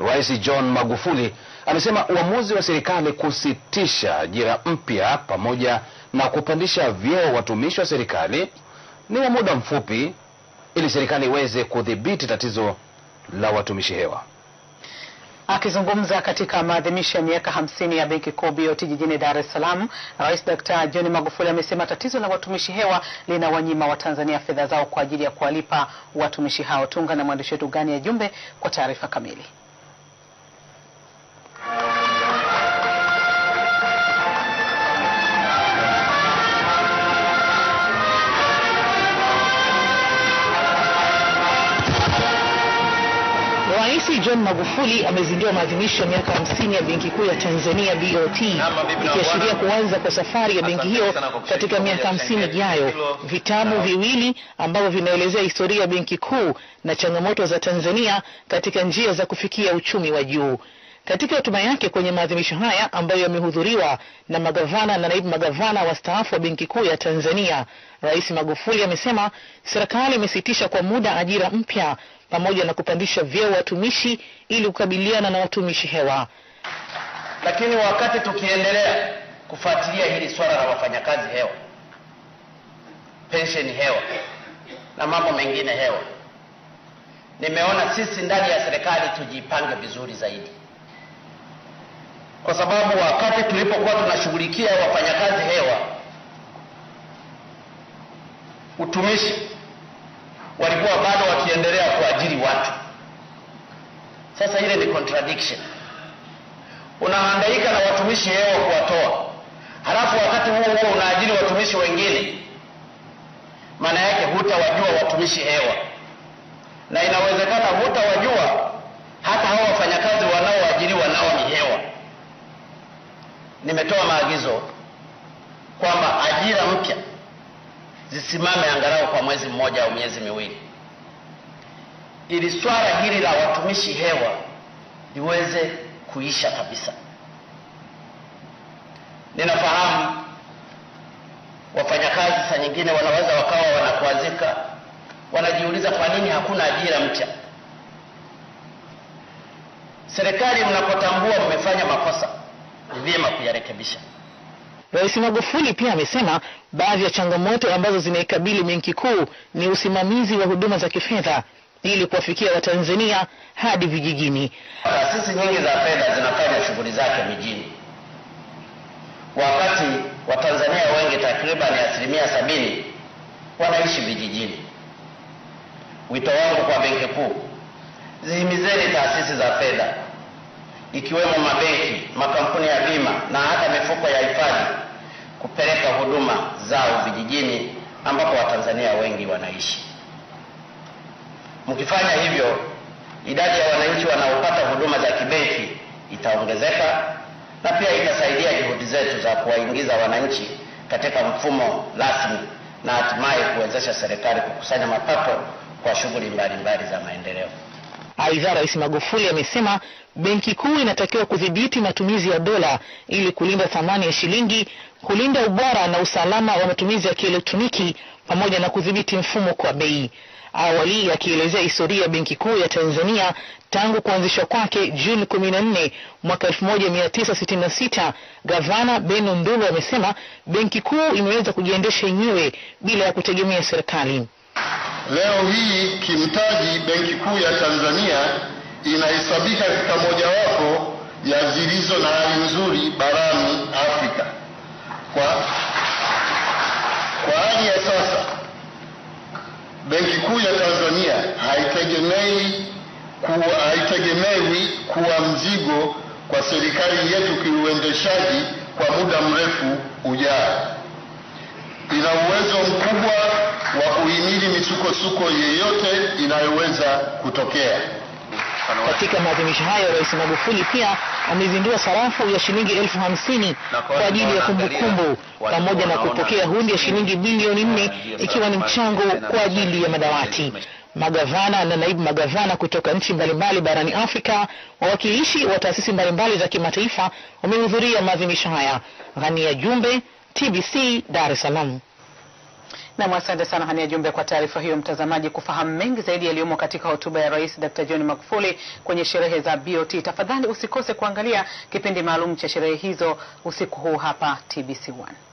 Rais John Magufuli amesema uamuzi wa serikali kusitisha ajira mpya pamoja na kupandisha vyeo watumishi wa serikali ni wa muda mfupi ili serikali iweze kudhibiti tatizo la watumishi hewa. Akizungumza katika maadhimisho ya miaka hamsini ya Benki Kuu BOT jijini Dar es Salaam, Rais Dr. John Magufuli amesema tatizo la watumishi hewa lina wanyima Watanzania fedha zao kwa ajili ya kuwalipa watumishi hao. Tunga na mwandishi wetu Gani ya Jumbe kwa taarifa kamili. John Magufuli amezindua maadhimisho ya miaka 50 ya Benki Kuu ya Tanzania BOT, ikiashiria kuanza kwa safari ya benki hiyo katika miaka 50 ijayo. Vitabu viwili ambavyo vinaelezea historia ya benki kuu na changamoto za Tanzania katika njia za kufikia uchumi wa juu. Katika hotuba yake kwenye maadhimisho haya ambayo yamehudhuriwa na magavana na naibu magavana wastaafu wa Benki Kuu ya Tanzania, Rais Magufuli amesema serikali imesitisha kwa muda ajira mpya pamoja na kupandisha vyeo watumishi ili kukabiliana na watumishi hewa. Lakini wakati tukiendelea kufuatilia hili swala la wafanyakazi hewa, pensheni hewa na mambo mengine hewa, nimeona sisi ndani ya serikali tujipange vizuri zaidi kwa sababu wakati tulipokuwa tunashughulikia wafanyakazi hewa utumishi, walikuwa bado wakiendelea kuajiri watu. Sasa ile ni contradiction, unahangaika na watumishi hewa kuwatoa, halafu wakati huo huo unaajiri watumishi wengine. Maana yake hutawajua watumishi hewa na inaweza nimetoa maagizo kwamba ajira mpya zisimame angalau kwa mwezi mmoja au miezi miwili, ili swala hili la watumishi hewa liweze kuisha kabisa. Ninafahamu wafanyakazi saa nyingine wanaweza wakawa wanakwazika, wanajiuliza kwa nini hakuna ajira mpya. Serikali, mnapotambua mmefanya makosa vyema kuyarekebisha. Rais Magufuli pia amesema baadhi ya changamoto ambazo zinaikabili benki kuu ni usimamizi wa huduma za kifedha ili kuwafikia Watanzania hadi vijijini. Taasisi nyingi za fedha zinafanya shughuli zake mijini, wakati Watanzania wengi takriban asilimia sabini wanaishi vijijini. Wito wangu kwa benki kuu, zihimizeni taasisi za fedha ikiwemo mabenki, makampuni ya bima na hata mifuko ya hifadhi kupeleka huduma zao vijijini ambapo Watanzania wengi wanaishi. Mkifanya hivyo, idadi ya wananchi wanaopata huduma za kibenki itaongezeka na pia itasaidia juhudi zetu za kuwaingiza wananchi katika mfumo rasmi na hatimaye kuwezesha serikali kukusanya mapato kwa shughuli mbalimbali za maendeleo. Aidha, Rais Magufuli amesema Benki Kuu inatakiwa kudhibiti matumizi ya dola ili kulinda thamani ya shilingi, kulinda ubora na usalama wa matumizi ya kielektroniki pamoja na kudhibiti mfumo kwa bei. Awali yakielezea historia ya Benki Kuu ya Tanzania tangu kuanzishwa kwake Juni 14 mwaka 1966, Gavana Beno Ndulu amesema Benki Kuu imeweza kujiendesha yenyewe bila ya kutegemea serikali. Leo hii kimtaji Benki Kuu ya Tanzania inahesabika katika mojawapo ya zilizo na hali nzuri barani Afrika. Kwa, kwa hali ya sasa Benki Kuu ya Tanzania haitegemei kuwa, haitegemewi kuwa mzigo kwa serikali yetu kiuendeshaji kwa muda mrefu ujao. Ina uwezo mkubwa wa kuhimili misukosuko yeyote inayoweza kutokea. Katika maadhimisho hayo, Rais Magufuli pia amezindua sarafu ya shilingi elfu hamsini kwa ajili ya kumbukumbu pamoja na kupokea hundi ya shilingi bilioni nne ikiwa ni mchango kwa ajili ya madawati. Magavana na naibu magavana kutoka nchi mbalimbali barani Afrika, wawakilishi wa taasisi mbalimbali za kimataifa wamehudhuria maadhimisho haya. Ghania Jumbe, TBC, Dar es Salaam. Nam, asante sana Hania Jumbe kwa taarifa hiyo. Mtazamaji, kufahamu mengi zaidi yaliyomo katika hotuba ya Rais Dr. John Magufuli kwenye sherehe za BOT, tafadhali usikose kuangalia kipindi maalum cha sherehe hizo usiku huu hapa TBC1.